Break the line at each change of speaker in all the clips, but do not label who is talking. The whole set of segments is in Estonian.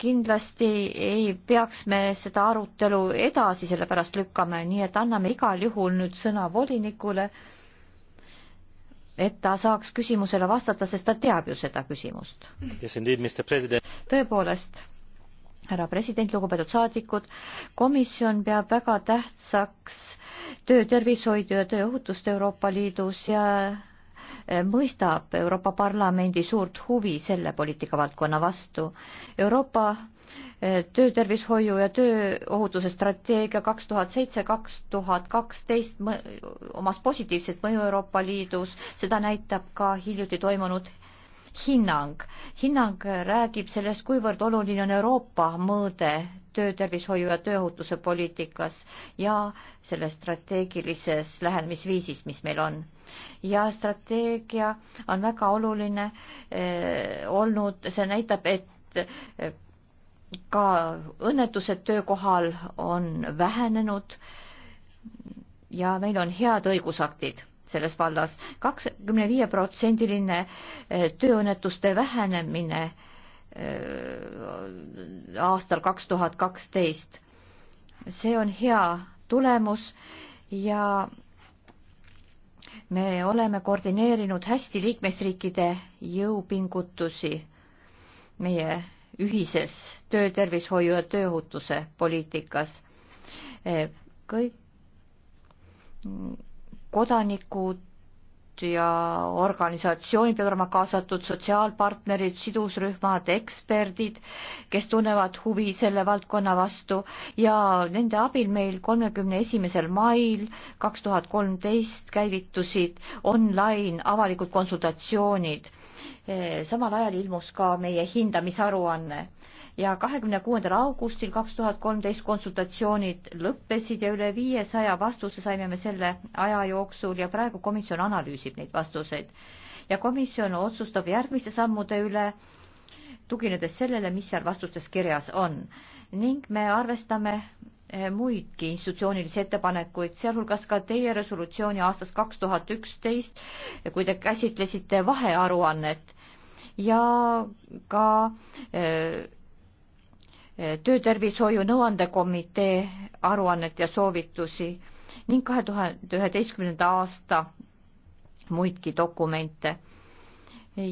kindlasti ei peaks me seda arutelu edasi sellepärast lükkama, nii et anname igal juhul nüüd sõna volinikule, et ta saaks küsimusele vastata, sest ta teab ju seda küsimust yes,. tõepoolest, härra president, lugupeetud saadikud, komisjon peab väga tähtsaks töötervishoidu ja tööohutust Euroopa Liidus ja Eh, mõistab Euroopa Parlamendi suurt huvi selle poliitikavaldkonna vastu. Euroopa eh, töötervishoiu ja tööohutuse strateegia kaks tuhat seitse, kaks tuhat kaksteist omas positiivset mõju Euroopa Liidus, seda näitab ka hiljuti toimunud hinnang. hinnang räägib sellest, kuivõrd oluline on Euroopa mõõde töötervishoiu ja tööohutuse poliitikas ja selles strateegilises lähenemisviisis, mis meil on. ja strateegia on väga oluline eh, olnud, see näitab, et eh, ka õnnetused töökohal on vähenenud ja meil on head õigusaktid selles vallas. kakskümne viie protsendiline eh, tööõnnetuste vähenemine eh, aastal kaks tuhat kaksteist. see on hea tulemus ja me oleme koordineerinud hästi liikmesriikide jõupingutusi meie ühises töötervishoiu ja tööohutuse poliitikas. Eh, kõik kodanikud ja organisatsioonid peavad olema kaasatud, sotsiaalpartnerid, sidusrühmad, eksperdid, kes tunnevad huvi selle valdkonna vastu ja nende abil meil kolmekümne esimesel mail kaks tuhat kolmteist käivitusid online avalikud konsultatsioonid Eh, samal ajal ilmus ka meie hindamisaruanne ja kahekümne kuuendal augustil kaks tuhat kolmteist konsultatsioonid lõppesid ja üle viiesaja vastuse saime me selle aja jooksul ja praegu komisjon analüüsib neid vastuseid. ja komisjon otsustab järgmiste sammude üle, tuginedes sellele, mis seal vastustes kirjas on ning me arvestame eh, muidki institutsioonilisi ettepanekuid, sealhulgas ka teie resolutsiooni aastast kaks tuhat üksteist, kui te käsitlesite vahearuannet ja ka eh, eh, töötervishoiu nõuandekomitee aruannet ja soovitusi ning kahe tuhande üheteistkümnenda aasta muidki dokumente.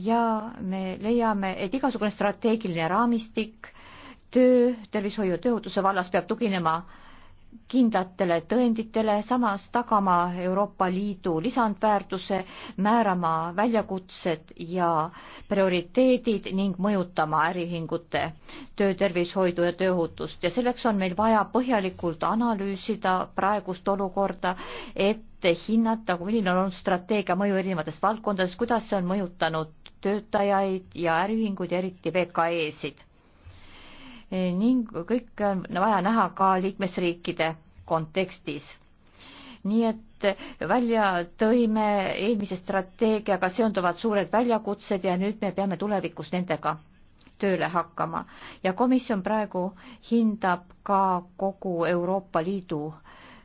ja me leiame, et igasugune strateegiline raamistik töö, tervishoiu ja tööohutuse vallas peab tuginema äh, kindlatele tõenditele, samas tagama Euroopa Liidu lisandväärtuse, määrama väljakutsed ja prioriteedid ning mõjutama äriühingute töötervishoidu ja tööohutust ja selleks on meil vaja põhjalikult analüüsida praegust olukorda, et hinnata, milline on strateegia mõju erinevates valdkondades, kuidas see on mõjutanud töötajaid ja äriühinguid, eriti VKE-sid ning kõike on äh, vaja näha ka liikmesriikide kontekstis nii et välja tõime eelmise strateegiaga seonduvad suured väljakutsed ja nüüd me peame tulevikus nendega tööle hakkama ja komisjon praegu hindab ka kogu Euroopa Liidu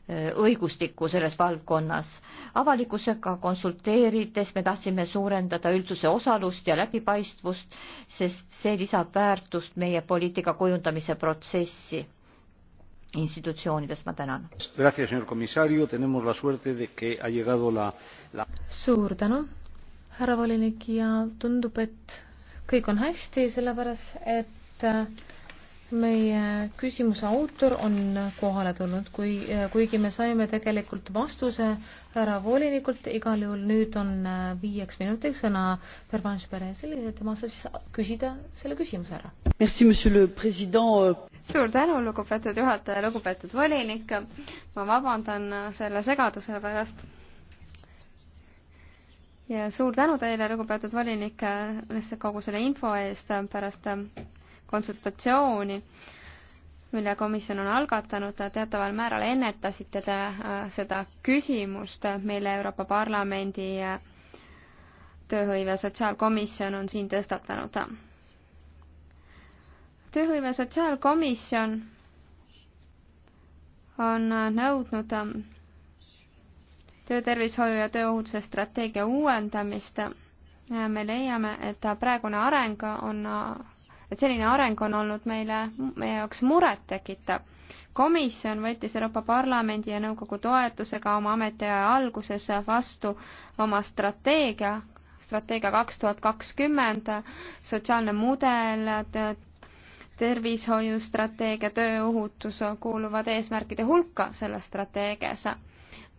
Eh, õigustikku selles valdkonnas. avalikkusega konsulteerides me tahtsime suurendada üldsuse osalust ja läbipaistvust, sest see lisab väärtust meie poliitika kujundamise protsessi institutsioonides, ma tänan. suur tänu,
härra volinik ja tundub, et kõik on hästi, sellepärast et meie küsimuse autor on kohale tulnud, kui, kuigi me saime tegelikult vastuse härra volinikult, igal juhul nüüd on viieks minutiks sõna Pervanche Perezil ja tema saab siis küsida selle küsimuse ära. suur tänu, lugupeetud juhataja, lugupeetud volinik. ma
vabandan selle segaduse pärast ja suur tänu teile, lugupeetud volinik, kogu selle info eest pärast konsultatsiooni, mille komisjon on algatanud, teataval määral ennetasite te äh, seda küsimust, mille Euroopa Parlamendi äh, tööhõive sotsiaalkomisjon on siin tõstatanud. tööhõive sotsiaalkomisjon on äh, nõudnud töötervishoiu ja tööohutuse strateegia uuendamist. me leiame, et praegune areng on et selline areng on olnud meile, meie jaoks murettekitav. komisjon võttis Euroopa Parlamendi ja Nõukogu toetusega oma ametiaja alguses vastu oma strateegia, strateegia kaks tuhat kakskümmend, sotsiaalne mudel, tervishoiustrateegia, tööohutus kuuluvad eesmärkide hulka selles strateegias.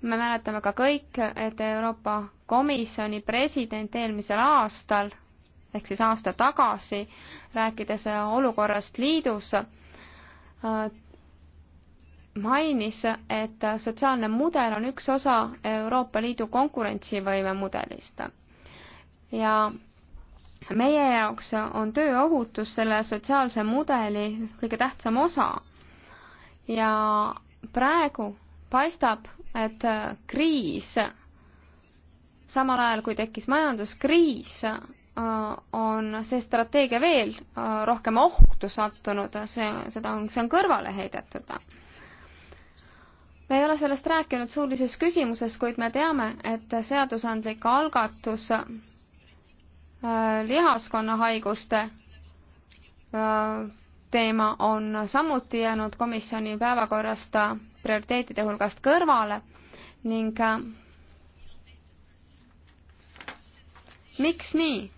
me mäletame ka kõik, et Euroopa Komisjoni president eelmisel aastal ehk siis aasta tagasi, rääkides olukorrast liidus, mainis, et sotsiaalne mudel on üks osa Euroopa Liidu konkurentsivõime mudelist. ja meie jaoks on tööohutus selle sotsiaalse mudeli kõige tähtsam osa. ja praegu paistab, et kriis, samal ajal kui tekkis majanduskriis, Äh, on see strateegia veel äh, rohkem ohtu sattunud, see, seda on, see on kõrvale heidetud. me ei ole sellest rääkinud suulises küsimuses, kuid me teame, et seadusandlik algatus äh, lihaskonnahaiguste teema on samuti jäänud komisjoni päevakorrast prioriteetide hulgast kõrvale ning miks nii?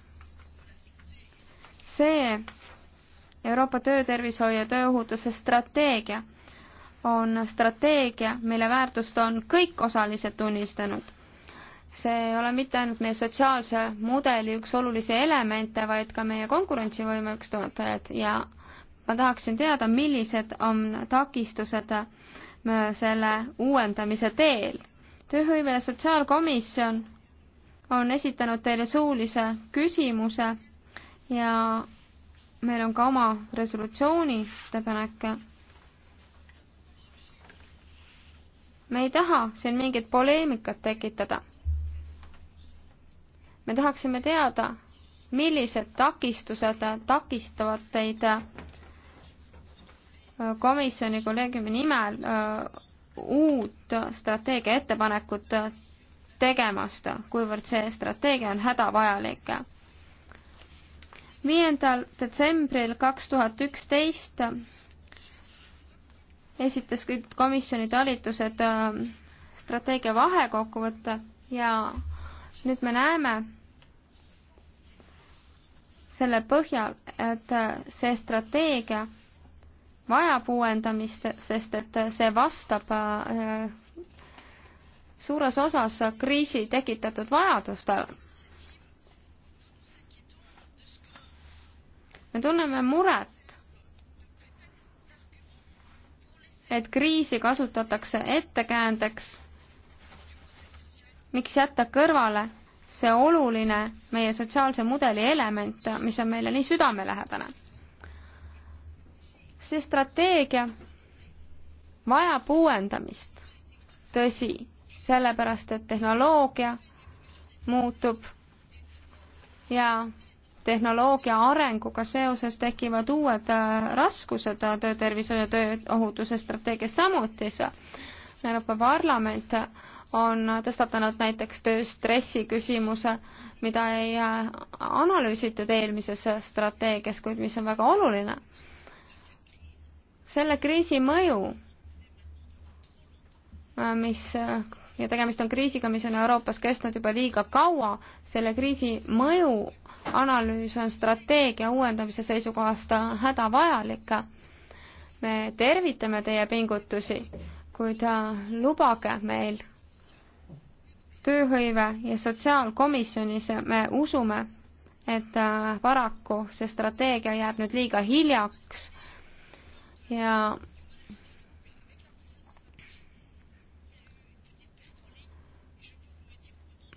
see Euroopa töötervishoiu ja tööohutuse strateegia on strateegia, mille väärtust on kõik osalised tunnistanud. see ei ole mitte ainult meie sotsiaalse mudeli üks olulisi elemente, vaid ka meie konkurentsivõime üks toetajaid ja ma tahaksin teada, millised on takistused selle uuendamise teel. tööhõive ja sotsiaalkomisjon on esitanud teile suulise küsimuse ja meil on ka oma resolutsiooni ettepanek. me ei taha siin mingit poleemikat tekitada. me tahaksime teada, millised takistused takistavad teid äh, komisjoni kolleegiumi nimel äh, uut strateegia ettepanekut äh, tegemast, kuivõrd see strateegia on hädavajalik viiendal detsembril kaks tuhat üksteist esitas kõik komisjoni talitused äh, strateegia vahekokkuvõtte ja nüüd me näeme selle põhjal, et äh, see strateegia vajab uuendamist, sest et see vastab äh, suures osas kriisi tekitatud vajadustele me tunneme muret, et kriisi kasutatakse ettekäändeks, miks jätta kõrvale see oluline meie sotsiaalse mudeli element, mis on meile nii südamelähedane. see strateegia vajab uuendamist, tõsi, sellepärast et tehnoloogia muutub ja tehnoloogia arenguga seoses tekivad uued äh, raskused äh, töötervishoiu ja tööohutuse strateegias samuti. Euroopa Parlament on tõstatanud näiteks tööstressi küsimuse, mida ei äh, analüüsitud eelmises strateegias, kuid mis on väga oluline. selle kriisi mõju, mis ja tegemist on kriisiga, mis on Euroopas kestnud juba liiga kaua. selle kriisi mõju analüüs on strateegia uuendamise seisukohast hädavajalik. me tervitame teie pingutusi, kuid äh, lubage meil tööhõive ja sotsiaalkomisjonis me usume, et äh, paraku see strateegia jääb nüüd liiga hiljaks ja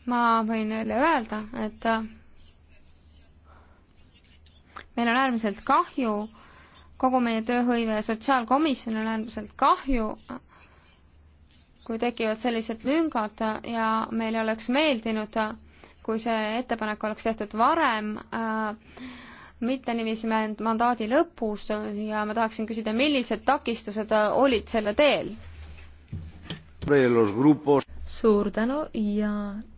ma võin neile öelda, et äh, meil on äärmiselt kahju, kogu meie tööhõive ja sotsiaalkomisjon on äärmiselt kahju, kui tekivad sellised lüngad ja meil oleks meeldinud, kui see ettepanek oleks tehtud varem äh,, mitte niiviisi mandaadi lõpus ja ma tahaksin küsida, millised takistused olid selle teel?
suur tänu ja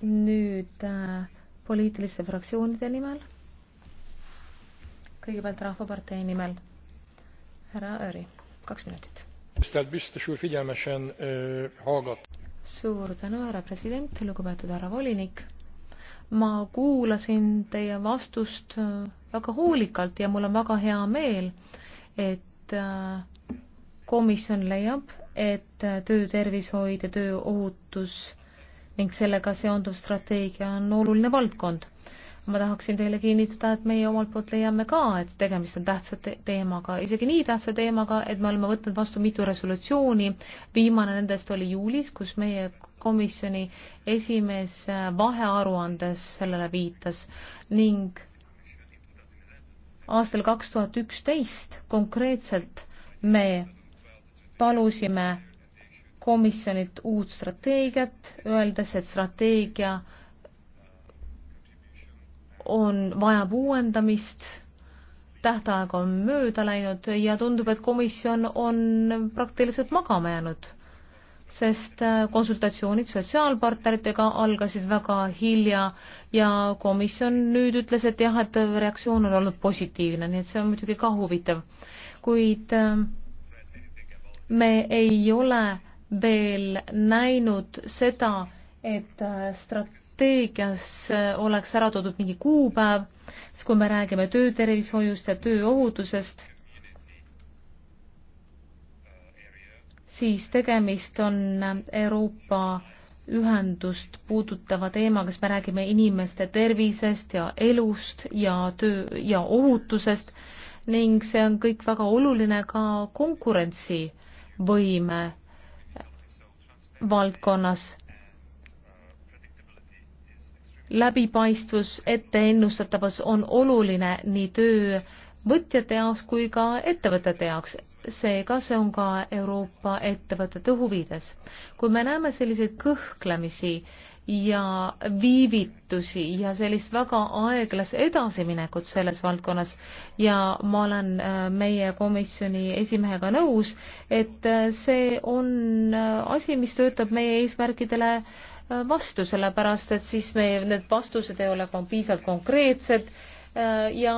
nüüd äh, poliitiliste fraktsioonide nimel. kõigepealt Rahvapartei nimel härra Öri, kaks minutit. suur tänu, härra president, lugupeetud härra volinik ma kuulasin teie vastust väga hoolikalt ja mul on väga hea meel, et äh, komisjon leiab, et töötervishoid ja tööohutus ning sellega seonduv strateegia on oluline valdkond. ma tahaksin teile kinnitada, et meie omalt poolt leiame ka, et tegemist on tähtsa te teemaga, isegi nii tähtsa teemaga, et me oleme võtnud vastu mitu resolutsiooni. viimane nendest oli juulis, kus meie komisjoni esimees vahearuandes sellele viitas ning aastal kaks tuhat üksteist konkreetselt me palusime komisjonilt uut strateegiat, öeldes, et strateegia on, vajab uuendamist, tähtaeg on mööda läinud ja tundub, et komisjon on praktiliselt magama jäänud, sest äh, konsultatsioonid sotsiaalpartneritega algasid väga hilja ja komisjon nüüd ütles, et jah, et reaktsioon on olnud positiivne, nii et see on muidugi ka huvitav. kuid äh, me ei ole veel näinud seda, et äh, strateegias äh, oleks ära toodud mingi kuupäev, siis kui me räägime töötervishoiust ja tööohutusest, siis tegemist on äh, Euroopa ühendust puudutava teemaga, kas me räägime inimeste tervisest ja elust ja töö ja ohutusest ning see on kõik väga oluline ka konkurentsi äh, võime valdkonnas. läbipaistvus, etteennustatavus on oluline nii töövõtjate jaoks kui ka ettevõtete jaoks. seega see on ka Euroopa ettevõtete huvides. kui me näeme selliseid kõhklemisi äh, ja viivitusi ja sellist väga aeglast edasiminekut selles valdkonnas ja ma olen äh, meie komisjoni esimehega nõus, et äh, see on äh, asi, mis töötab meie eesmärkidele vastu, sellepärast et siis me, need vastused ei ole piisavalt konkreetsed Äh, ja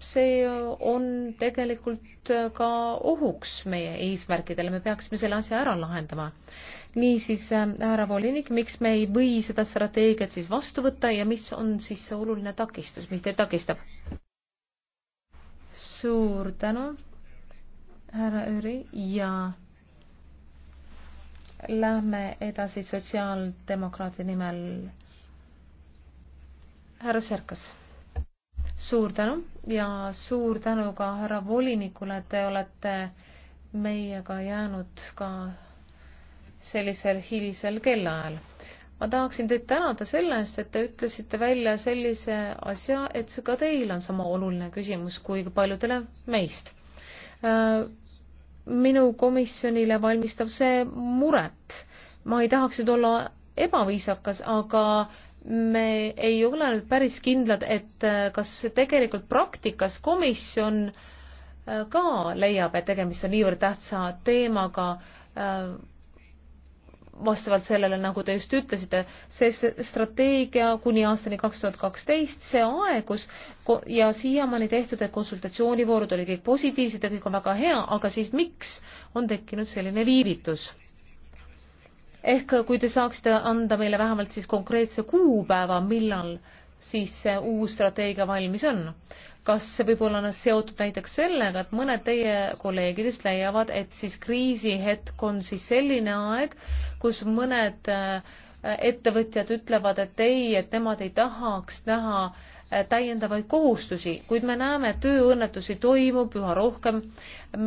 see on tegelikult ka ohuks meie eesmärkidele, me peaksime selle asja ära lahendama. niisiis, äh, härra volinik, miks me ei või seda strateegiat siis vastu võtta ja mis on siis see oluline takistus, mis teid takistab? suur tänu, härra Jüri ja lähme edasi sotsiaaldemokraadi nimel. härra Serkas suur tänu ja suur tänu ka härra volinikule, et te olete meiega jäänud ka sellisel hilisel kellaajal. ma tahaksin teid tänada selle eest, et te ütlesite välja sellise asja, et see ka teil on sama oluline küsimus kui paljudele meist. Äh, minu komisjonile valmistab see muret. ma ei tahaks nüüd olla ebaviisakas, aga me ei ole nüüd päris kindlad, et äh, kas tegelikult praktikas komisjon äh, ka leiab, et tegemist on niivõrd tähtsa teemaga äh, vastavalt sellele, nagu te just ütlesite, see strateegia kuni aastani kaks tuhat kaksteist, see aegus ja siiamaani tehtud konsultatsioonivoorud olid kõik positiivsed ja kõik on väga hea, aga siis miks on tekkinud selline viivitus? ehk kui te saaksite anda meile vähemalt siis konkreetse kuupäeva, millal siis see uus strateegia valmis on. kas see võib olla seotud näiteks sellega, et mõned teie kolleegidest leiavad, et siis kriisihetk on siis selline aeg, kus mõned äh, ettevõtjad ütlevad, et ei, et nemad ei tahaks näha äh, täiendavaid kohustusi, kuid me näeme, et tööõnnetusi toimub üha rohkem.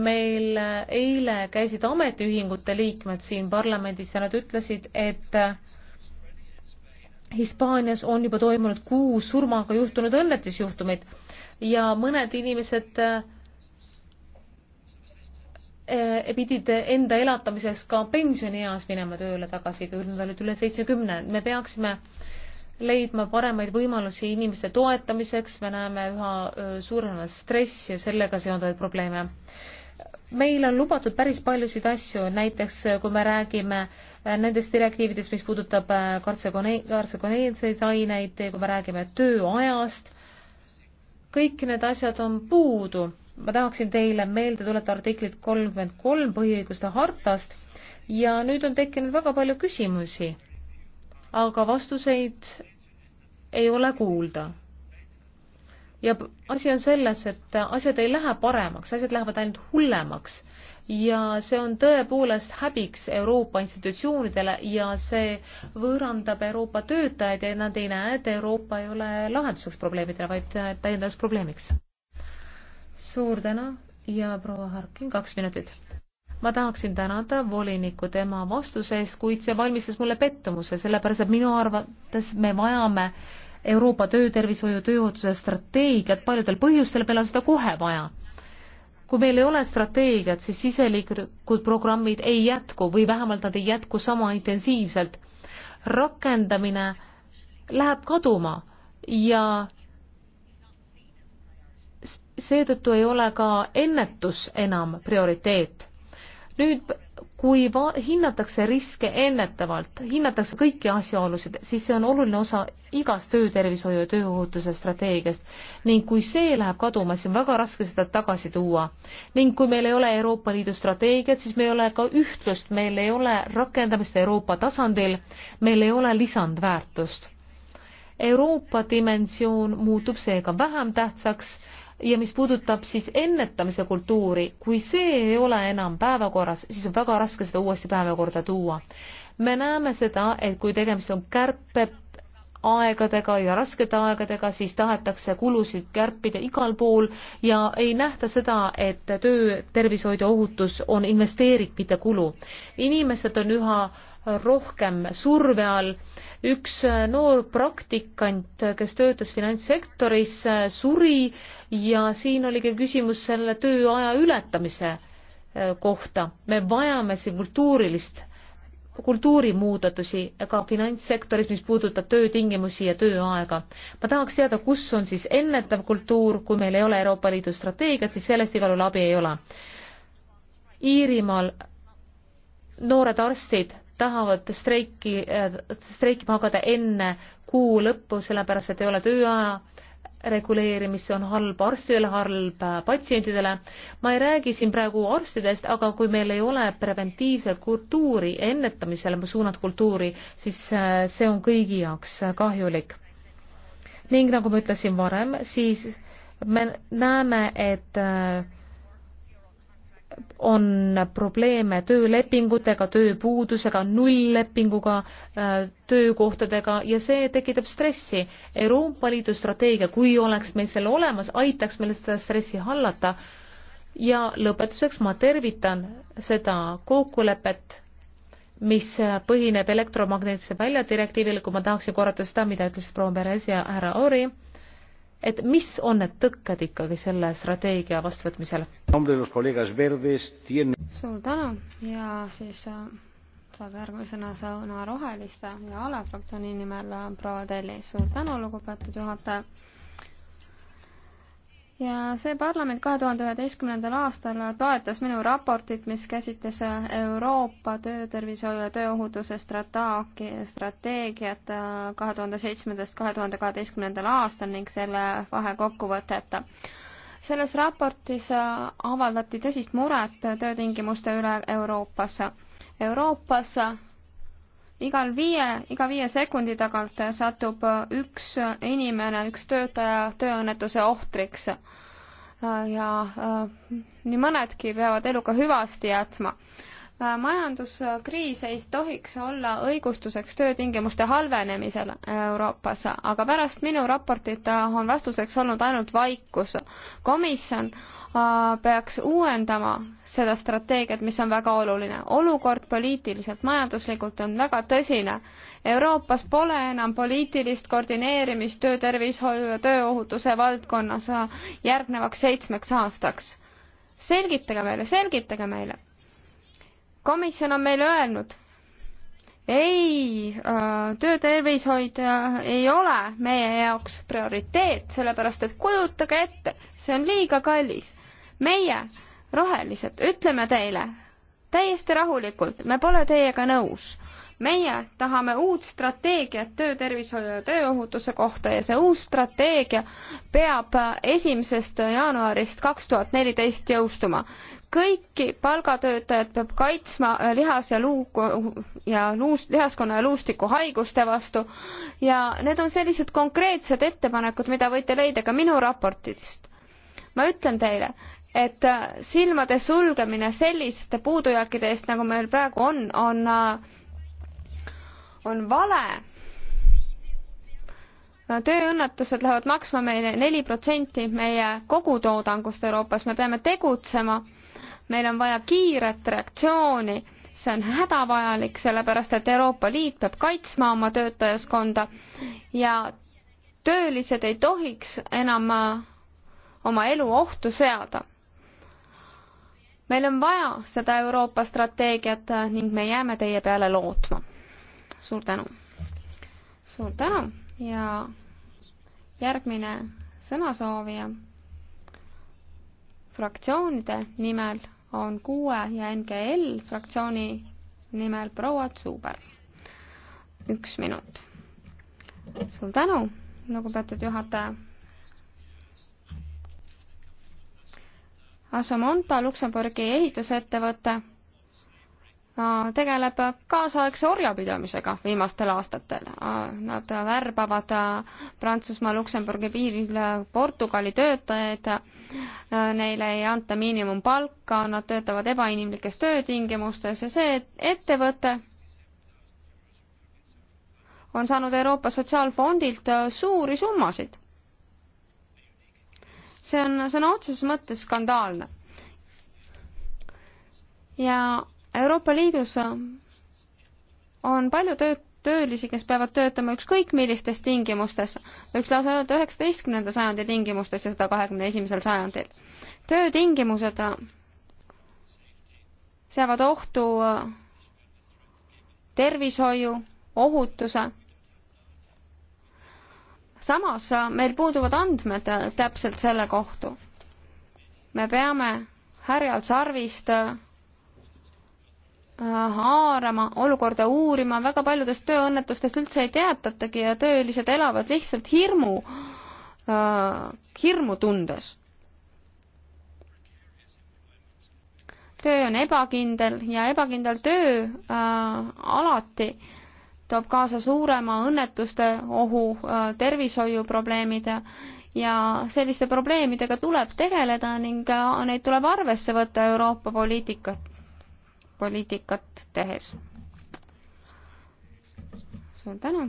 meil eile käisid ametiühingute liikmed siin parlamendis ja nad ütlesid, et Hispaanias on juba toimunud kuus surmaga juhtunud õnnetusjuhtumit ja mõned inimesed eh, pidid enda elatamiseks ka pensionieas minema tööle tagasi, kui nad olid üle seitsmekümne. me peaksime äh, leidma paremaid võimalusi inimeste toetamiseks, me näeme üha suurenevat stressi ja sellega seonduvaid probleeme. meil on lubatud päris paljusid asju, näiteks kui me räägime nendest direktiividest, mis puudutab kartsegone-, kartsegoneenseid aineid, kui me räägime tööajast, kõik need asjad on puudu. ma tahaksin teile meelde tuletada artiklit kolmkümmend kolm põhiõiguste hartast ja nüüd on tekkinud väga palju küsimusi aga vastuseid ei ole kuulda. ja asi on selles, et asjad ei lähe paremaks, asjad lähevad ainult hullemaks ja see on tõepoolest häbiks Euroopa institutsioonidele ja see võõrandab Euroopa töötajaid ja nad ei näe, et Euroopa ei ole lahenduseks probleemidele, vaid täiendavaks probleemiks. suur tänu ja proua Harkin, kaks minutit ma tahaksin tänada volinikku tema vastuse eest, kuid see valmistas mulle pettumuse, sellepärast et minu arvates me vajame Euroopa töötervishoiu tööohutuse strateegiat paljudel põhjustel, meil on seda kohe vaja. kui meil ei ole strateegiat, siis siseliiklikud programmid ei jätku või vähemalt nad ei jätku sama intensiivselt. rakendamine läheb kaduma ja seetõttu ei ole ka ennetus enam prioriteet nüüd, kui va-, hinnatakse riske ennetavalt, hinnatakse kõiki asjaolusid, siis see on oluline osa igast töötervishoiu ja tööohutuse strateegiast ning kui see läheb kaduma, siis on väga raske seda tagasi tuua. ning kui meil ei ole Euroopa Liidu strateegiat, siis meil ei ole ka ühtlust, meil ei ole rakendamist Euroopa tasandil, meil ei ole lisandväärtust Euroopa dimensioon muutub seega vähem tähtsaks ja mis puudutab siis ennetamise kultuuri, kui see ei ole enam päevakorras, siis on väga raske seda uuesti päevakorda tuua. me näeme seda, et kui tegemist on kärpe aegadega ja raskete aegadega, siis tahetakse kulusid kärpida igal pool ja ei nähta seda, et töö, tervishoid ja ohutus on investeering, mitte kulu. inimesed on üha rohkem surve all. üks noor praktikant, kes töötas finantssektoris, suri ja siin oligi küsimus selle tööaja ületamise kohta. me vajame siin kultuurilist kultuurimuudatusi ka finantssektoris, mis puudutab töötingimusi ja tööaega. ma tahaks teada, kus on siis ennetav kultuur, kui meil ei ole Euroopa Liidu strateegiat, siis sellest igal juhul abi ei ole. Iirimaal noored arstid tahavad streiki, streikima hakata enne kuu lõppu, sellepärast et ei ole tööaja ülereguleerimist, see on halb arstidele, halb patsientidele. ma ei räägi siin praegu arstidest, aga kui meil ei ole preventiivset kultuuri, ennetamisele suunat kultuuri, siis äh, see on kõigi jaoks kahjulik. ning nagu ma ütlesin varem, siis me näeme, et äh, on probleeme töölepingutega, tööpuudusega, nulllepinguga, äh, töökohtadega ja see tekitab stressi. Euroopa Liidu strateegia, kui oleks meil selle olemas, aitaks meil seda stressi hallata. ja lõpetuseks ma tervitan seda kokkulepet, mis põhineb elektromagnetise väljadirektiivil, kui ma tahaksin korrata seda, mida ütlesid proua Peres ja härra Ori et mis on need tõkked ikkagi selle strateegia vastuvõtmisel?
suur tänu ja siis äh, saab järgmisena sõna roheliste ja ala fraktsiooni nimel äh, proua Telli. suur tänu, lugupeetud juhataja ja see parlament kahe tuhande üheteistkümnendal aastal toetas minu raportit, mis käsitles Euroopa töötervishoiu ja tööohutuse strateegiat kahe tuhande seitsmendast kahe tuhande kaheteistkümnendal aastal ning selle vahekokkuvõtet. selles raportis avaldati tõsist muret töötingimuste üle Euroopas. Euroopas igal viie, iga viie sekundi tagant satub üks inimene, üks töötaja tööõnnetuse ohtriks. ja äh, nii mõnedki peavad eluga hüvasti jätma Äh, majanduskriis ei tohiks olla õigustuseks töötingimuste halvenemisele äh, Euroopas, aga pärast minu raportit äh, on vastuseks olnud ainult vaikus. komisjon peaks uuendama seda strateegiat, mis on väga oluline. olukord poliitiliselt, majanduslikult on väga tõsine. Euroopas pole enam poliitilist koordineerimist töötervishoiu ja tööohutuse valdkonnas järgnevaks seitsmeks aastaks. selgitage meile, selgitage meile komisjon on meile öelnud, ei, äh, töötervishoid äh, ei ole meie jaoks prioriteet, sellepärast et kujutage ette, see on liiga kallis. meie, rohelised, ütleme teile täiesti rahulikult, me pole teiega nõus meie tahame uut strateegiat töötervishoiu ja tööohutuse kohta ja see uus strateegia peab esimesest jaanuarist kaks tuhat neliteist jõustuma. kõiki palgatöötajad peab kaitsma lihas ja luu- ja luus, lihaskonna ja luustiku haiguste vastu ja need on sellised konkreetsed ettepanekud, mida võite leida ka minu raportist. ma ütlen teile, et silmade sulgemine selliste puudujääkide eest, nagu meil praegu on, on äh, on vale. tööõnnetused lähevad maksma meile neli protsenti meie kogutoodangust Euroopas, me peame tegutsema, meil on vaja kiiret reaktsiooni, see on hädavajalik, sellepärast et Euroopa Liit peab kaitsma oma töötajaskonda ja töölised ei tohiks enam äh, oma elu ohtu seada meil on vaja seda Euroopa strateegiat äh, ning me jääme teie peale lootma suur tänu! suur tänu ja järgmine sõnasoovija fraktsioonide nimel on kuue ja NGL fraktsiooni nimel proua Zuber. üks minut. suur tänu, lugupeetud juhataja. Asomonta Luksemburgi ehitusettevõte tegeleb kaasaegse orjapidamisega viimastel aastatel. Nad värbavad Prantsusmaa, Luksemburgi piiril Portugali töötajaid, neile ei anta miinimumpalka, nad töötavad ebainimlikes töötingimustes ja see ettevõte on saanud Euroopa Sotsiaalfondilt suuri summasid. see on sõna otseses mõttes skandaalne. ja Euroopa Liidus on palju tööd, töölisi, kes peavad töötama ükskõik millistes tingimustes, võiks lausa öelda üheksateistkümnenda sajandi tingimustes ja seda kahekümne esimesel sajandil. töötingimused seavad ohtu tervishoiu, ohutuse. samas meil puuduvad andmed täpselt selle kohtu. me peame härjal sarvist haarama, olukorda uurima, väga paljudest tööõnnetustest üldse ei teatatagi ja töölised elavad lihtsalt hirmu, äh, hirmu tundes. töö on ebakindel ja ebakindel töö äh, alati toob kaasa suurema õnnetuste ohu äh,, tervishoiuprobleemid ja ja selliste probleemidega tuleb tegeleda ning äh, neid tuleb arvesse võtta Euroopa poliitikat poliitikat tehes. suur tänu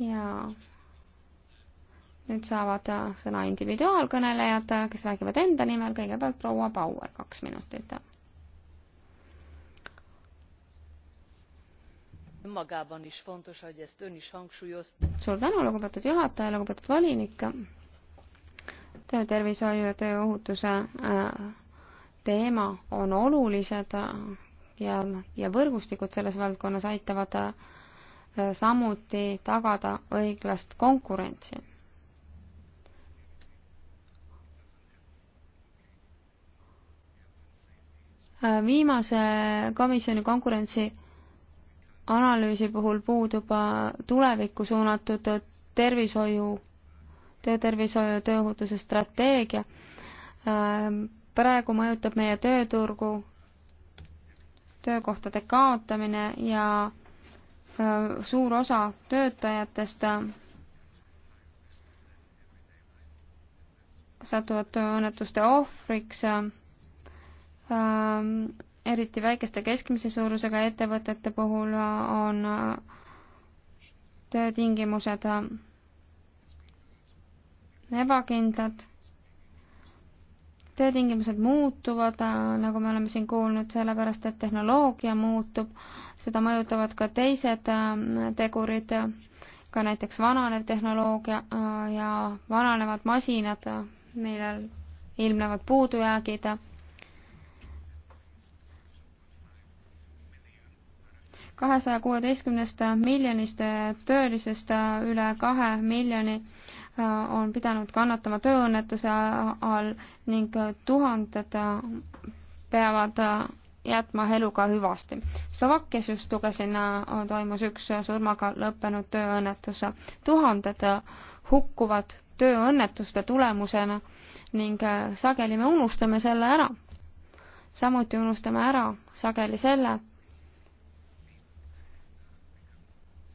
ja nüüd saavad sõna individuaalkõnelejad, kes räägivad enda nimel, kõigepealt proua Bauer, kaks minutit. suur tänu, lugupeetud juhataja, lugupeetud volinik. töötervishoiu ja tööohutuse äh, teema on olulised ja, ja võrgustikud selles valdkonnas aitavad äh, samuti tagada õiglast konkurentsi. Äh, viimase komisjoni konkurentsi analüüsi puhul puudub äh, tulevikku suunatud tervishoiu, töötervishoiu ja tööohutuse strateegia praegu mõjutab meie tööturgu töökohtade kaotamine ja suur osa töötajatest satuvad tööõnnetuste ohvriks, eriti väikeste keskmise suurusega ettevõtete puhul on töötingimused ebakindlad töötingimused muutuvad, äh, nagu me oleme siin kuulnud, sellepärast et tehnoloogia muutub, seda mõjutavad ka teised äh, tegurid, ka näiteks vananev tehnoloogia äh, ja vananevad masinad, millel ilmnevad puudujäägid. kahesaja kuueteistkümnest miljonist töölisest üle kahe miljoni Äh, on pidanud kannatama tööõnnetuse all ning tuhanded peavad äh, jätma eluga hüvasti. Slovakkias just lugesin, äh, toimus üks surmaga lõppenud tööõnnetus. tuhanded hukkuvad tööõnnetuste tulemusena ning sageli me unustame selle ära. samuti unustame ära sageli selle,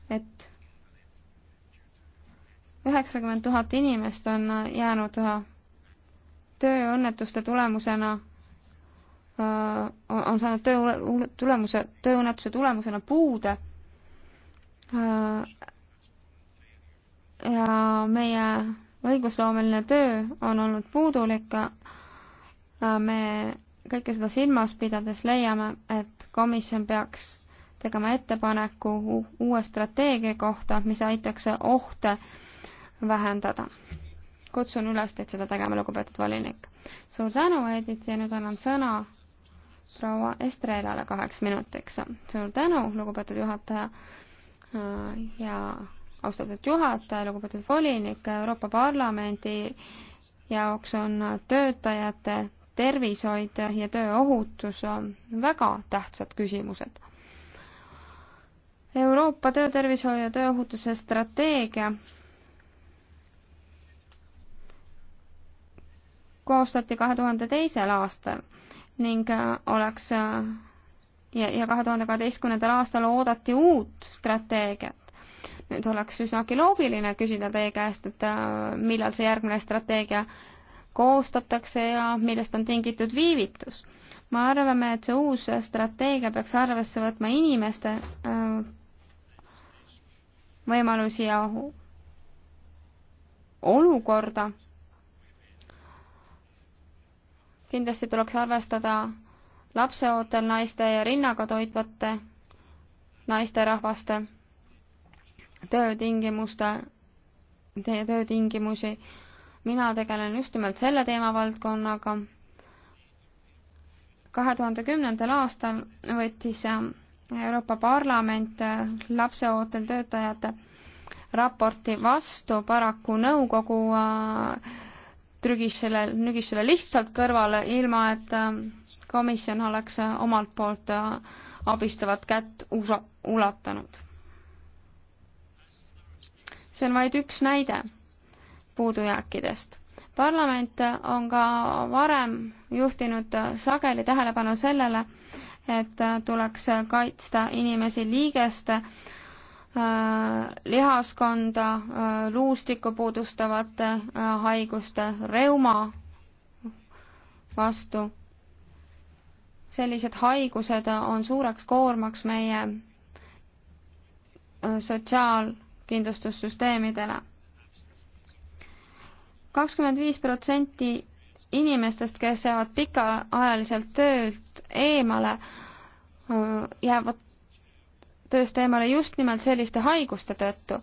et üheksakümmend tuhat inimest on jäänud äh, tööõnnetuste tulemusena, äh, on saanud töö tulemuse, tööõnnetuse tulemusena puude. Äh, ja meie õigusloomeline töö on olnud puudulik. me kõike seda silmas pidades leiame, et komisjon peaks tegema ettepaneku uue strateegia kohta, mis aitaks ohte vähendada. kutsun üles teid seda tegema, lugupeetud volinik. suur tänu, Edith, ja nüüd annan sõna proua Estrelale kaheks minutiks. suur tänu, lugupeetud juhataja äh, ja austatud juhataja, lugupeetud volinik, Euroopa Parlamendi jaoks on töötajate tervishoid ja tööohutus väga tähtsad küsimused. Euroopa töötervishoiu ja tööohutuse strateegia koostati kahe tuhande teisel aastal ning äh, oleks äh, ja, ja kahe tuhande kaheteistkümnendal aastal oodati uut strateegiat. nüüd oleks üsnagi loogiline küsida teie käest, et äh, millal see järgmine strateegia koostatakse ja millest on tingitud viivitus. me arvame, et see uus strateegia peaks arvesse võtma inimeste võimalusi ja olukorda kindlasti tuleks arvestada lapseootel naiste ja rinnaga toitvate naisterahvaste töötingimuste, teie töötingimusi. mina tegelen just nimelt selle teemavaldkonnaga. kahe tuhande kümnendal aastal võttis äh, Euroopa Parlament äh, lapseootel töötajate raporti vastu, paraku nõukogu äh, trügis selle, nügis selle lihtsalt kõrvale, ilma et ähm, komisjon oleks äh, omalt poolt äh, abistavat kätt usa-, ulatanud. see on vaid üks näide puudujääkidest. parlament on ka varem juhtinud äh, sageli tähelepanu sellele, et tuleks kaitsta inimesi liigeste Äh, lihaskonda, äh, luustikku puudustavate äh, haiguste, reuma vastu. sellised haigused on suureks koormaks meie sotsiaalkindlustussüsteemidele. kakskümmend viis protsenti inimestest, kes jäävad pikaajaliselt töölt eemale, jäävad tööst eemale just nimelt selliste haiguste tõttu.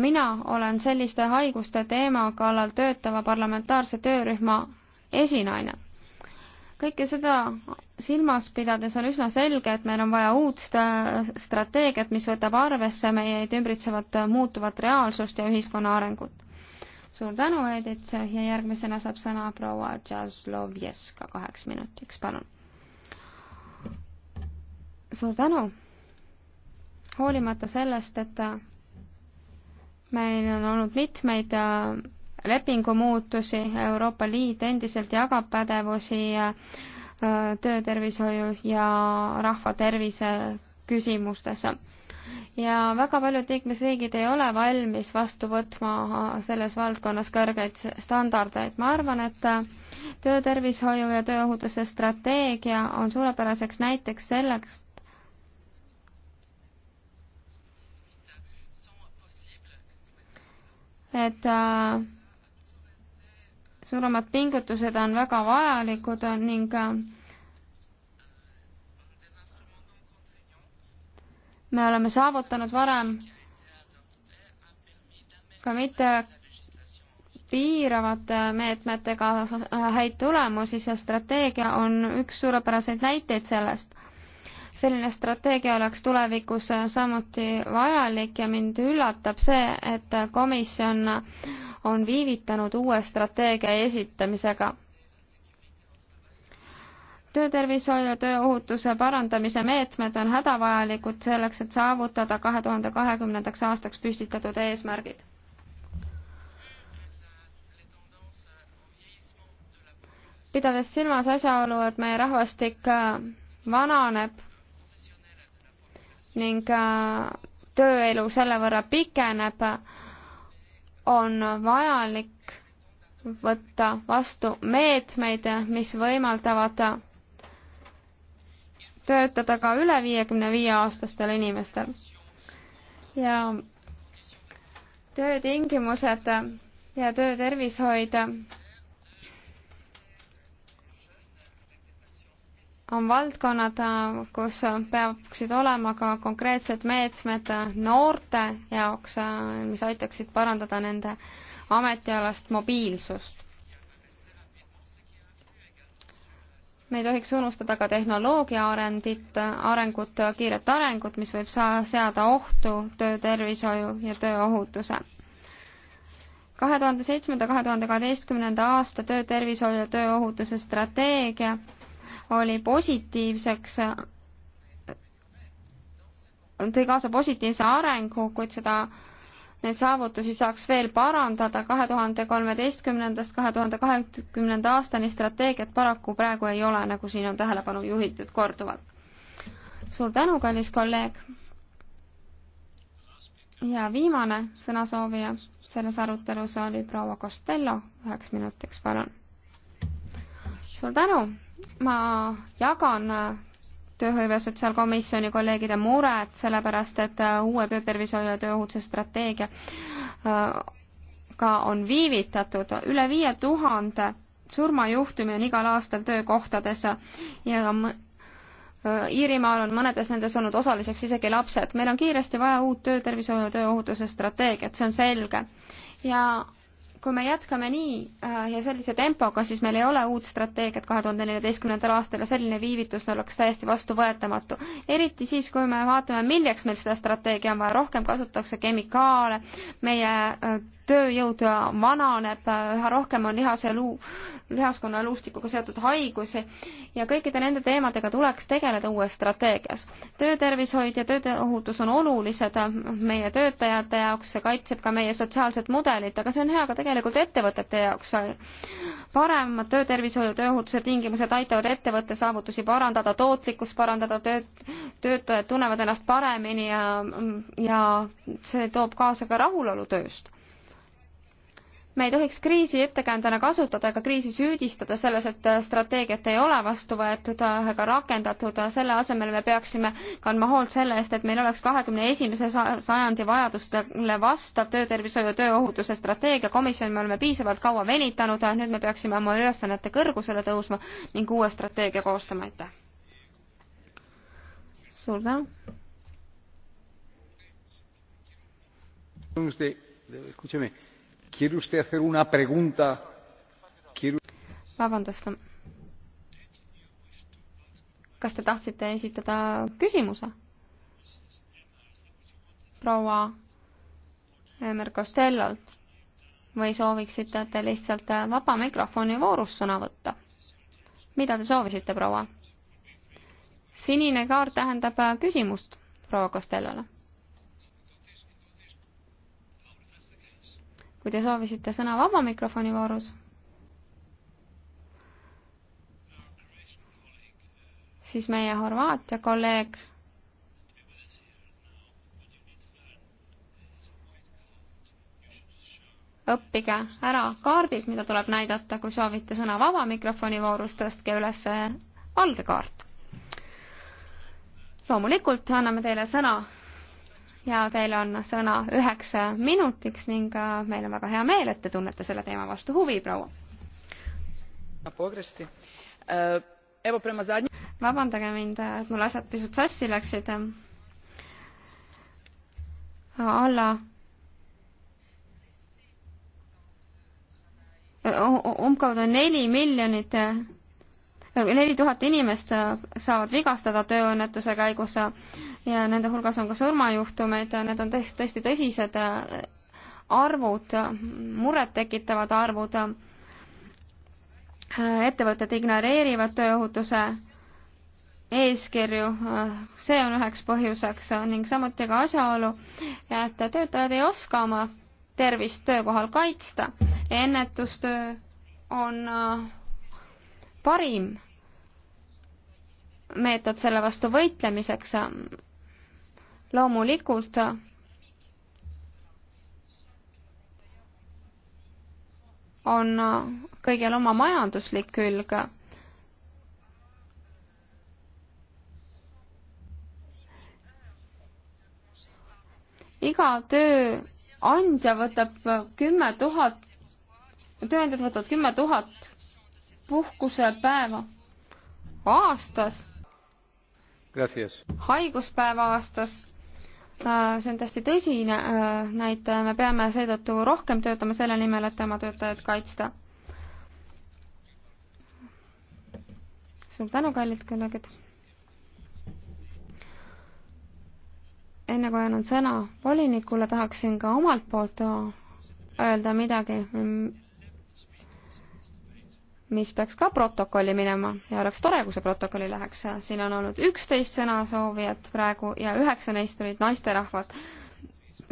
mina olen selliste haiguste teema kallal töötava parlamentaarse töörühma esinaine. kõike seda silmas pidades on üsna selge, et meil on vaja uut strateegiat, mis võtab arvesse meid ümbritsevat muutuvat reaalsust ja ühiskonna arengut. suur tänu, Edith, ja järgmisena saab sõna proua Džazlovjeska kaheks minutiks, palun. suur tänu hoolimata sellest, et meil on olnud mitmeid äh, lepingumuutusi, Euroopa Liit endiselt jagab pädevusi äh, töötervishoiu ja rahvatervise küsimustes. ja väga paljud liikmesriigid ei ole valmis vastu võtma selles valdkonnas kõrgeid standardeid. ma arvan, et äh, töötervishoiu ja tööohutuse strateegia on suurepäraseks näiteks selleks, et äh, suuremad pingutused on väga vajalikud ning äh, me oleme saavutanud varem ka mitte piiravate meetmetega häid tulemusi, see strateegia on üks suurepäraseid näiteid sellest selline strateegia oleks tulevikus samuti vajalik ja mind üllatab see, et komisjon on viivitanud uue strateegia esitamisega töötervishoiu ja tööohutuse parandamise meetmed on hädavajalikud selleks, et saavutada kahe tuhande kahekümnendaks aastaks püstitatud eesmärgid. pidades silmas asjaolu, et meie rahvastik vananeb ning äh, tööelu selle võrra pikeneb, on vajalik võtta vastu meetmeid, mis võimaldavad töötada ka üle viiekümne viie aastastel inimestel. ja töötingimused ja töötervishoid on valdkonnad, kus peaksid olema ka konkreetsed meetmed noorte jaoks, mis aitaksid parandada nende ametialast mobiilsust. me ei tohiks unustada ka tehnoloogia arendit, arengut, kiiret arengut, mis võib saa-, seada ohtu töötervishoiu ja tööohutuse kahe tuhande seitsmenda, kahe tuhande kaheteistkümnenda aasta töötervishoiu ja tööohutuse strateegia oli positiivseks, tõi kaasa positiivse arengu, kuid seda Neid saavutusi saaks veel parandada, kahe tuhande kolmeteistkümnendast kahe tuhande kahekümnenda aastani strateegiat paraku praegu ei ole, nagu siin on tähelepanu juhitud korduvalt. suur tänu, kallis kolleeg! ja viimane sõnasoovija selles arutelus oli proua Costello, üheks minutiks, palun! suur tänu, ma jagan äh, tööhõive sotsiaalkomisjoni kolleegide muret, sellepärast et äh, uue töötervishoiu ja tööohutuse strateegia äh, ka on viivitatud üle viie tuhande surmajuhtumi on igal aastal töökohtades ja Iirimaal on mõnedes nendes olnud osaliseks isegi lapsed. meil on kiiresti vaja uut töötervishoiu ja tööohutuse strateegiat, see on selge. ja kui me jätkame nii äh, ja sellise tempoga, siis meil ei ole uut strateegiat kahe tuhande neljateistkümnendal aastal ja selline viivitus oleks täiesti vastuvõetamatu. eriti siis, kui me vaatame, milleks meil seda strateegia on vaja, rohkem kasutatakse kemikaale, meie äh, tööjõud vananeb, äh, üha rohkem on lihase luu, lihaskonna luustikuga seotud haigusi ja kõikide nende teemadega tuleks tegeleda uues strateegias. töötervishoid ja tööohutus on olulised meie töötajate jaoks, see kaitseb ka meie sotsiaalset mudelit, aga see on hea ka tegelikult täielikult ettevõtete jaoks. paremad töötervishoiu, tööohutuse tingimused aitavad ettevõtte saavutusi parandada, tootlikkust parandada, tööd, töötajad tunnevad ennast paremini ja, ja see toob kaasa ka rahulolu tööst me ei tohiks kriisi ettekäändena kasutada ega kriisi süüdistada selles, et strateegiat ei ole vastu võetud ega rakendatud, selle asemel me peaksime kandma hoolt selle eest, et meil oleks kahekümne esimese sajandi vajadustele vastav töötervishoiu ja tööohutuse strateegia, komisjon, me oleme piisavalt kaua venitanud, nüüd me peaksime oma ülesannete kõrgusele tõusma ning uue strateegia koostama, aitäh! suur tänu! escúcheme vabandust. kas te tahtsite esitada küsimuse? proua Emmer Costellolt või sooviksite te lihtsalt vaba mikrofoni voorus sõna võtta? mida te soovisite, proua? sinine kaart tähendab küsimust proua Costellole. kui te soovisite sõna vaba mikrofoni voorus, siis meie Horvaatia kolleeg õppige ära kaardid, mida tuleb näidata, kui soovite sõna vaba mikrofoni voorus, tõstke üles valge kaart. loomulikult anname teile sõna ja teil on sõna üheks minutiks ning äh, meil on väga hea meel, et te tunnete selle teema vastu huvi, proua. Äh, vabandage mind, äh, et mul asjad pisut sassi läksid. alla umbkaudu neli miljonit neli tuhat inimest äh, saavad vigastada tööõnnetuse käigus äh, ja nende hulgas on ka surmajuhtumeid, need on tõesti, tõesti tõsised äh, arvud, murettekitavad arvud. ettevõtted ignoreerivad tööohutuse eeskirju, see on üheks põhjuseks ning samuti ka asjaolu, et töötajad ei oska oma tervist töökohal kaitsta. ennetustöö on parim meetod selle vastu võitlemiseks. loomulikult on kõigel oma majanduslik külg. iga tööandja võtab kümme tuhat, tööandjad võtavad kümme tuhat puhkusepäeva aastas. haiguspäeva aastas. Äh, see on täiesti tõsine äh, näitaja, me peame seetõttu rohkem töötama selle nimel, et oma töötajaid kaitsta. suur tänu, kallid kolleegid. enne kui annan sõna volinikule, tahaksin ka omalt poolt öelda midagi mm, mis peaks ka protokolli minema ja oleks tore, kui see protokolli läheks. siin on olnud üksteist sõnasoovijat praegu ja üheksa neist olid naisterahvad.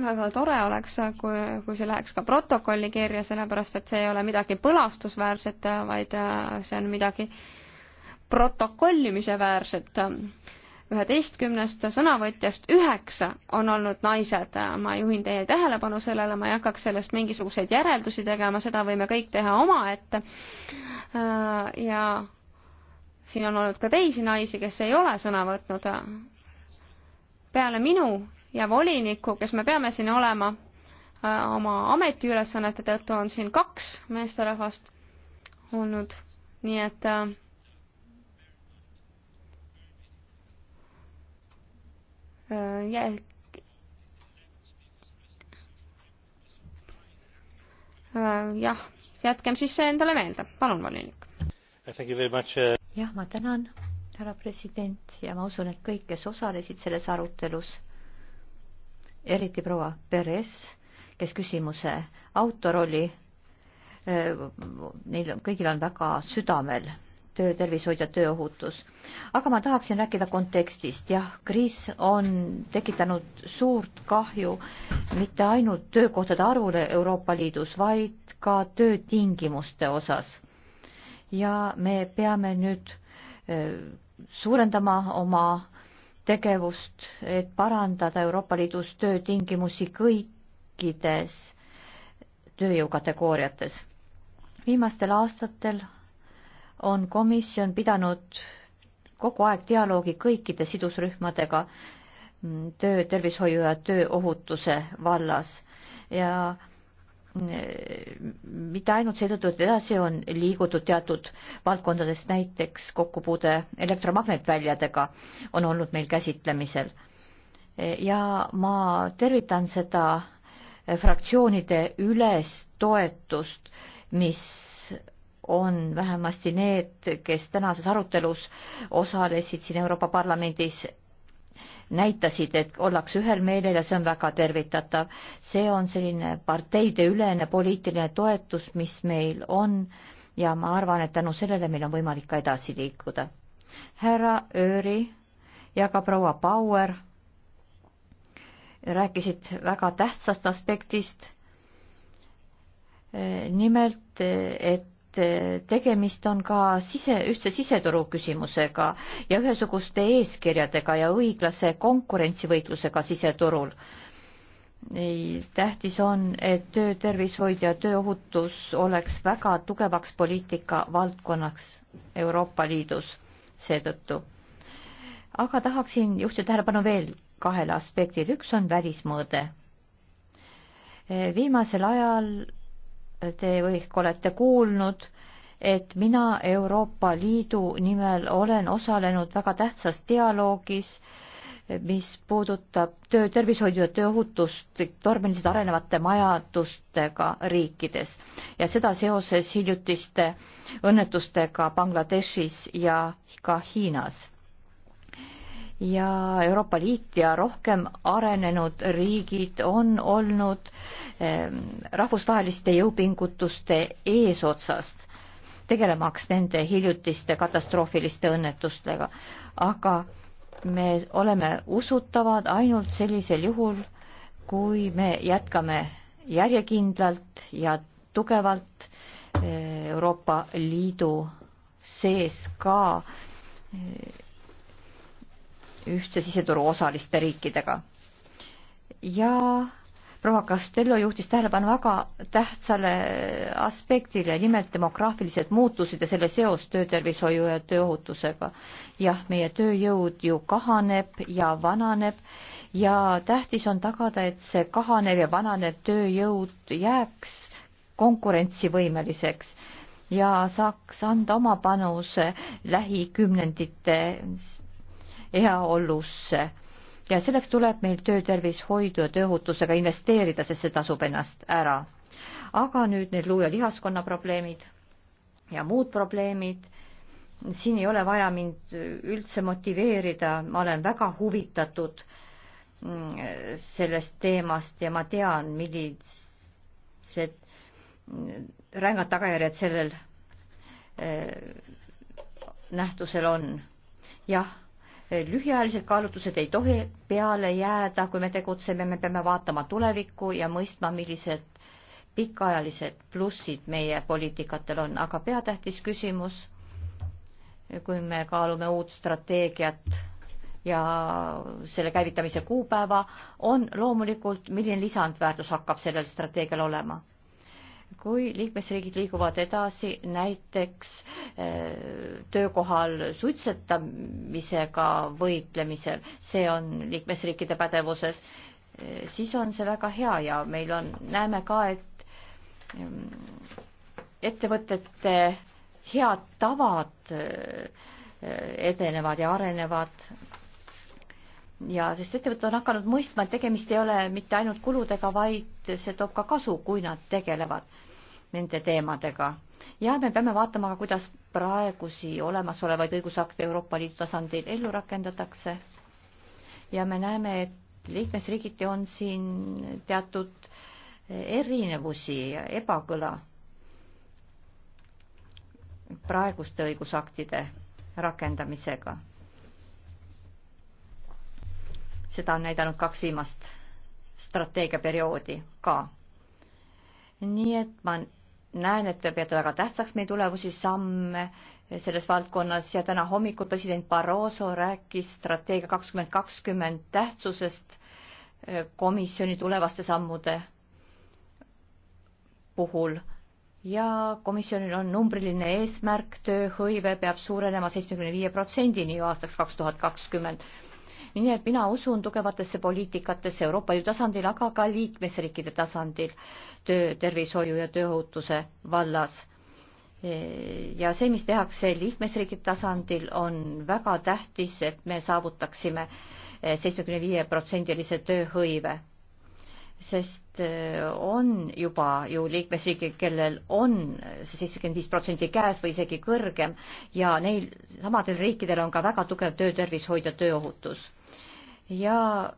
väga tore oleks, kui, kui see läheks ka protokolli kirja, sellepärast et see ei ole midagi põlastusväärset, vaid äh, see on midagi protokollimise väärset üheteistkümnest sõnavõtjast üheksa on olnud naised. ma juhin teie tähelepanu sellele, ma ei hakkaks sellest mingisuguseid järeldusi tegema, seda võime kõik teha omaette. Äh, ja siin on olnud ka teisi naisi, kes ei ole sõna võtnud. peale minu ja voliniku, kes me peame siin olema äh, oma ametiülesannete tõttu, on siin kaks meesterahvast olnud, nii et äh, jälg-,
äh, jah, jätkem siis see endale meelde, palun, volinik. Äh. jah, ma tänan, härra president, ja ma usun, et kõik, kes osalesid selles arutelus, eriti proua Perez, kes küsimuse autor oli, äh, neil kõigil on väga südamel töötervishoid ja tööohutus. aga ma tahaksin rääkida kontekstist, jah, kriis on tekitanud suurt kahju mitte ainult töökohtade arvule Euroopa Liidus, vaid ka töötingimuste osas. ja me peame nüüd äh, suurendama oma tegevust, et parandada Euroopa Liidus töötingimusi kõikides tööjõukategooriates. viimastel aastatel on komisjon pidanud kogu aeg dialoogi kõikide sidusrühmadega mm, töötervishoiu ja tööohutuse vallas ja mm, mitte ainult seetõttu, et edasi on liigutud teatud valdkondades, näiteks kokkupuude elektromagnetväljadega on olnud meil käsitlemisel. ja ma tervitan seda fraktsioonide ülest toetust, mis on vähemasti need, kes tänases arutelus osalesid siin Euroopa Parlamendis, näitasid, et ollakse ühel meelel ja see on väga tervitatav. see on selline parteideülene poliitiline toetus, mis meil on ja ma arvan, et tänu sellele meil on võimalik ka edasi liikuda. härra Ööri ja ka proua Bauer rääkisid väga tähtsast aspektist. nimelt, et et eh, tegemist on ka sise, ühtse siseturu küsimusega ja ühesuguste eeskirjadega ja õiglase konkurentsivõitlusega siseturul. tähtis on, et töötervishoid ja tööohutus oleks väga tugevaks poliitika valdkonnaks Euroopa Liidus seetõttu. aga tahaksin juhtida tähelepanu veel kahele aspektile, üks on välismõõde. Eh, viimasel ajal te ehk olete kuulnud, et mina Euroopa Liidu nimel olen osalenud väga tähtsas dialoogis, mis puudutab töötervishoidu ja tööohutust tormiliselt arenevate majandustega riikides ja seda seoses hiljutiste õnnetustega Bangladeshis ja ka Hiinas ja Euroopa Liit ja rohkem arenenud riigid on olnud ehm, rahvusvaheliste jõupingutuste eesotsast, tegelemaks nende hiljutiste katastroofiliste õnnetustega. aga me oleme usutavad ainult sellisel juhul, kui me jätkame järjekindlalt ja tugevalt eh, Euroopa Liidu sees ka eh, ühtse siseturu osaliste riikidega. ja proua Castello juhtis tähelepanu väga tähtsale aspektile, nimelt demograafilised muutused ja selle seos töötervishoiu ja tööohutusega. jah, meie tööjõud ju kahaneb ja vananeb ja tähtis on tagada, et see kahanev ja vananev tööjõud jääks konkurentsivõimeliseks ja saaks anda oma panuse lähikümnendite heaollusse. ja selleks tuleb meil töötervishoidu ja tööohutusega investeerida, sest see tasub ennast ära. aga nüüd need luu- ja lihaskonna probleemid ja muud probleemid, siin ei ole vaja mind üldse motiveerida, ma olen väga huvitatud mm, sellest teemast ja ma tean, millised mm, rängad tagajärjed sellel eh, nähtusel on. jah, Eh, lühiajalised kaalutlused ei tohi peale jääda, kui me tegutseme, me peame vaatama tulevikku ja mõistma, millised pikaajalised plussid meie poliitikatel on, aga peatähtis küsimus, kui me kaalume uut strateegiat ja selle käivitamise kuupäeva, on loomulikult, milline lisandväärtus hakkab sellel strateegial olema kui liikmesriigid liiguvad edasi näiteks äh, töökohal suitsetamisega võitlemisel, see on liikmesriikide pädevuses, äh, siis on see väga hea ja meil on, näeme ka, et ähm, ettevõtete head tavad äh, edenevad ja arenevad ja sest ettevõtted on hakanud mõistma, et tegemist ei ole mitte ainult kuludega, vaid see toob ka kasu, kui nad tegelevad nende teemadega. ja me peame vaatama ka, kuidas praegusi olemasolevaid õigusakte Euroopa Liidu tasandil ellu rakendatakse. ja me näeme, et liikmesriigiti on siin teatud erinevusi ja ebakõla praeguste õigusaktide rakendamisega seda on näidanud kaks viimast strateegiaperioodi ka. nii et ma näen, et te peate väga tähtsaks meie tulevusi samme selles valdkonnas ja täna hommikul president Barroso rääkis strateegia kakskümmend kakskümmend tähtsusest eh, komisjoni tulevaste sammude puhul ja komisjonil on numbriline eesmärk, tööhõive peab suurenema seitsmekümne viie protsendini ju aastaks kaks tuhat kakskümmend nii et mina usun tugevatesse poliitikatesse Euroopa Liidu tasandil, aga ka liikmesriikide tasandil töötervishoiu ja tööohutuse vallas. E, ja see, mis tehakse liikmesriikide tasandil, on väga tähtis, et me saavutaksime e, seitsmekümne viie protsendilise tööhõive sest e, on juba ju liikmesriigid, kellel on see seitsekümmend viis protsenti käes või isegi kõrgem ja neil samadel riikidel on ka väga tugev töötervishoid ja tööohutus ja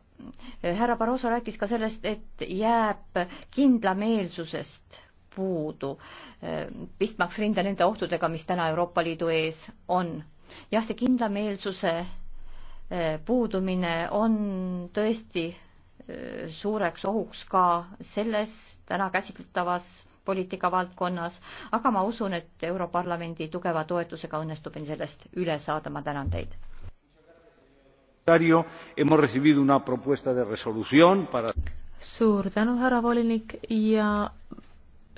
eh, härra Barroso rääkis ka sellest, et jääb kindlameelsusest puudu, eh, pistmaks rinda nende ohtudega, mis täna Euroopa Liidu ees on. jah, see kindlameelsuse eh, puudumine on tõesti suureks ohuks ka selles täna käsitletavas poliitikavaldkonnas, aga ma usun, et Europarlamendi tugeva toetusega õnnestub meil sellest üle saada, ma tänan teid
hemos recibido una propuesta de resolución para suur tänu, härra volinik ja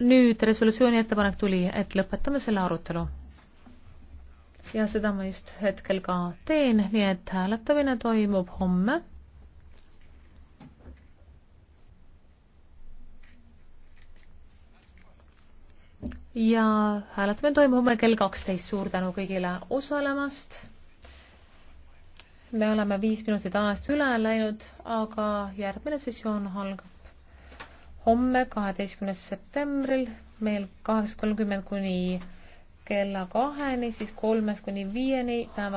nüüd resolutsiooni ettepanek tuli, et lõpetame selle arutelu. ja seda ma just hetkel ka teen, nii et hääletamine toimub homme. ja hääletamine toimub homme kell kaksteist, suur tänu kõigile osalemast me oleme viis minutit ajast üle läinud, aga järgmine sessioon algab homme, kaheteistkümnes septembril, meil kaheksa kolmkümmend kuni kella kaheni, siis kolmest kuni viieni päeva